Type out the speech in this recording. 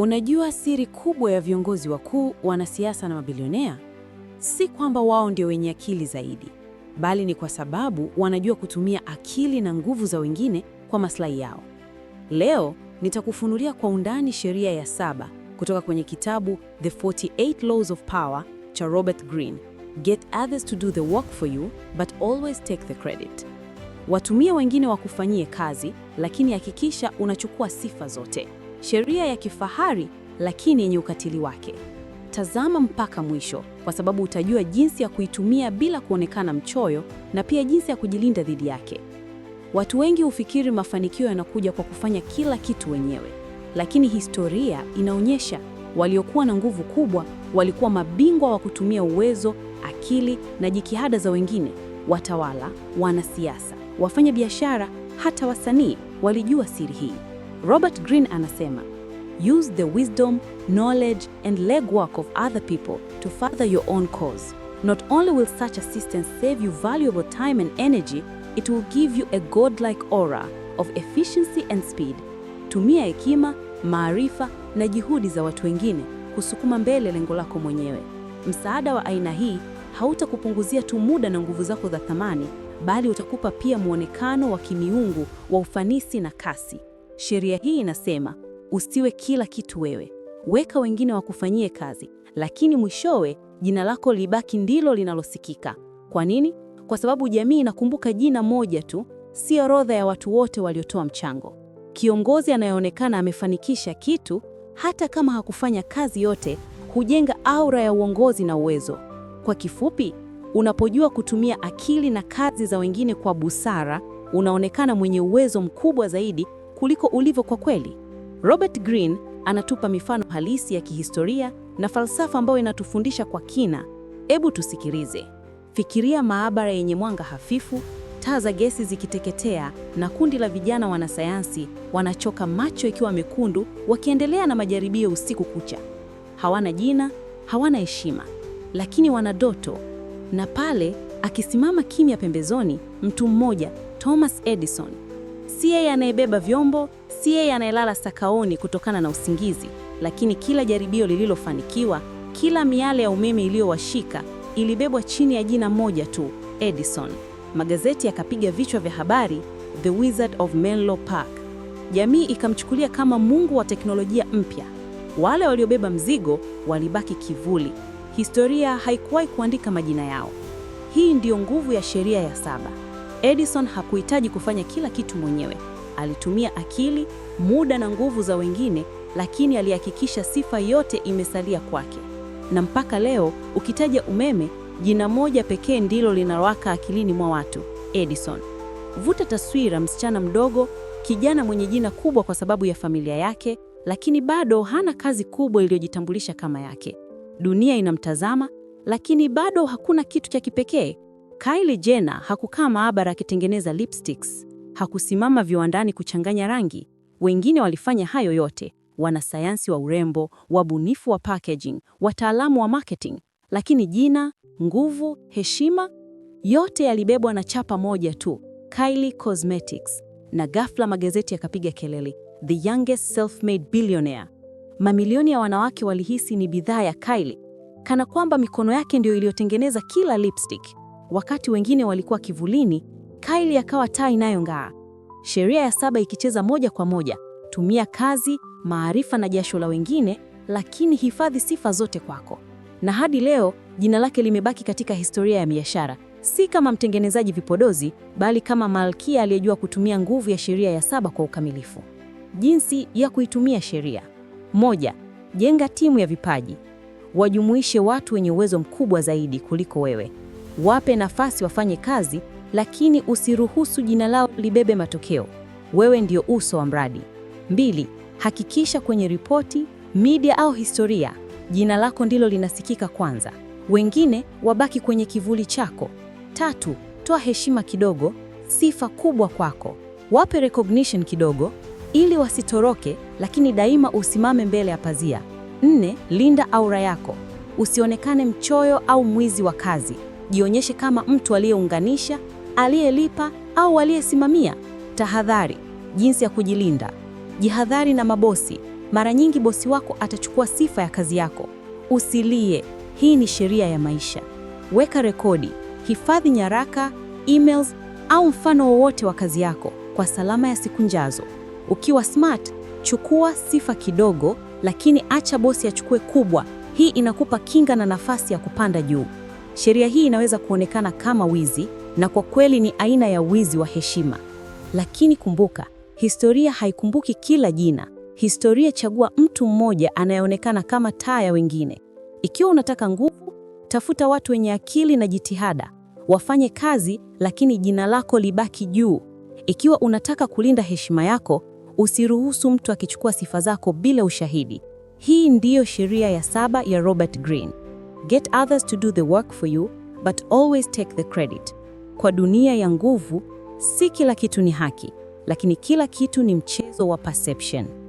Unajua siri kubwa ya viongozi wakuu, wanasiasa na mabilionea si kwamba wao ndio wenye akili zaidi, bali ni kwa sababu wanajua kutumia akili na nguvu za wengine kwa maslahi yao. Leo nitakufunulia kwa undani sheria ya saba kutoka kwenye kitabu The 48 Laws of Power cha Robert Greene. Get others to do the work for you but always take the credit. Watumie wengine wakufanyie kazi, lakini hakikisha unachukua sifa zote sheria ya kifahari lakini yenye ukatili wake. Tazama mpaka mwisho, kwa sababu utajua jinsi ya kuitumia bila kuonekana mchoyo na pia jinsi ya kujilinda dhidi yake. Watu wengi hufikiri mafanikio yanakuja kwa kufanya kila kitu wenyewe, lakini historia inaonyesha waliokuwa na nguvu kubwa walikuwa mabingwa wa kutumia uwezo, akili na jitihada za wengine. Watawala, wanasiasa, wafanya biashara, hata wasanii walijua siri hii. Robert Greene anasema, use the wisdom, knowledge and legwork of other people to further your own cause. Not only will such assistance save you valuable time and energy, it will give you a godlike aura of efficiency and speed. Tumia hekima, maarifa na juhudi za watu wengine kusukuma mbele lengo lako mwenyewe. Msaada wa aina hii hautakupunguzia tu muda na nguvu zako za thamani, bali utakupa pia muonekano wa kimiungu wa ufanisi na kasi. Sheria hii inasema usiwe kila kitu wewe, weka wengine wakufanyie kazi, lakini mwishowe jina lako libaki ndilo linalosikika. Kwa nini? Kwa sababu jamii inakumbuka jina moja tu, si orodha ya watu wote waliotoa mchango. Kiongozi anayeonekana amefanikisha kitu, hata kama hakufanya kazi yote, hujenga aura ya uongozi na uwezo. Kwa kifupi, unapojua kutumia akili na kazi za wengine kwa busara, unaonekana mwenye uwezo mkubwa zaidi kuliko ulivyo kwa kweli. Robert Greene anatupa mifano halisi ya kihistoria na falsafa ambayo inatufundisha kwa kina. Hebu tusikilize. Fikiria maabara yenye mwanga hafifu, taa za gesi zikiteketea, na kundi la vijana wanasayansi wanachoka macho ikiwa mekundu, wakiendelea na majaribio usiku kucha. Hawana jina, hawana heshima, lakini wana ndoto. Na pale, akisimama kimya pembezoni, mtu mmoja, Thomas Edison Si yeye anayebeba vyombo, si yeye anayelala sakaoni kutokana na usingizi, lakini kila jaribio lililofanikiwa, kila miale ya umeme iliyowashika ilibebwa chini ya jina moja tu, Edison. Magazeti yakapiga vichwa vya habari, The Wizard of Menlo Park. Jamii ikamchukulia kama mungu wa teknolojia mpya. Wale waliobeba mzigo walibaki kivuli. Historia haikuwahi kuandika majina yao. Hii ndiyo nguvu ya sheria ya saba. Edison hakuhitaji kufanya kila kitu mwenyewe. Alitumia akili, muda na nguvu za wengine, lakini alihakikisha sifa yote imesalia kwake. Na mpaka leo ukitaja umeme, jina moja pekee ndilo linawaka akilini mwa watu, Edison. Vuta taswira, msichana mdogo, kijana mwenye jina kubwa kwa sababu ya familia yake, lakini bado hana kazi kubwa iliyojitambulisha kama yake. Dunia inamtazama, lakini bado hakuna kitu cha kipekee. Kylie Jenner hakukaa maabara akitengeneza lipsticks, hakusimama viwandani kuchanganya rangi. Wengine walifanya hayo yote, wanasayansi wa urembo, wabunifu wa packaging, wataalamu wa marketing, lakini jina, nguvu, heshima, yote yalibebwa na chapa moja tu, Kylie Cosmetics. Na ghafla magazeti yakapiga kelele, the youngest self-made billionaire. Mamilioni ya wanawake walihisi ni bidhaa ya Kylie, kana kwamba mikono yake ndio iliyotengeneza kila lipstick. Wakati wengine walikuwa kivulini, Kyle akawa taa inayong'aa. Sheria ya saba ikicheza moja kwa moja: tumia kazi, maarifa na jasho la wengine, lakini hifadhi sifa zote kwako. Na hadi leo jina lake limebaki katika historia ya biashara, si kama mtengenezaji vipodozi, bali kama malkia aliyejua kutumia nguvu ya sheria ya saba kwa ukamilifu. Jinsi ya kuitumia sheria: moja, jenga timu ya vipaji, wajumuishe watu wenye uwezo mkubwa zaidi kuliko wewe. Wape nafasi wafanye kazi, lakini usiruhusu jina lao libebe matokeo. Wewe ndio uso wa mradi. Mbili, hakikisha kwenye ripoti, media au historia, jina lako ndilo linasikika kwanza, wengine wabaki kwenye kivuli chako. Tatu, toa heshima kidogo, sifa kubwa kwako. Wape recognition kidogo ili wasitoroke, lakini daima usimame mbele ya pazia. Nne, linda aura yako, usionekane mchoyo au mwizi wa kazi. Jionyeshe kama mtu aliyeunganisha, aliyelipa au aliyesimamia. Tahadhari: jinsi ya kujilinda. Jihadhari na mabosi. Mara nyingi bosi wako atachukua sifa ya kazi yako. Usilie, hii ni sheria ya maisha. Weka rekodi, hifadhi nyaraka, emails au mfano wowote wa kazi yako kwa salama ya siku njazo. Ukiwa smart, chukua sifa kidogo, lakini acha bosi achukue kubwa. Hii inakupa kinga na nafasi ya kupanda juu. Sheria hii inaweza kuonekana kama wizi, na kwa kweli ni aina ya wizi wa heshima. Lakini kumbuka, historia haikumbuki kila jina. Historia chagua mtu mmoja anayeonekana kama taa ya wengine. Ikiwa unataka nguvu, tafuta watu wenye akili na jitihada, wafanye kazi, lakini jina lako libaki juu. Ikiwa unataka kulinda heshima yako, usiruhusu mtu akichukua sifa zako bila ushahidi. Hii ndiyo sheria ya saba ya Robert Greene. Get others to do the work for you but always take the credit. Kwa dunia ya nguvu, si kila kitu ni haki, lakini kila kitu ni mchezo wa perception.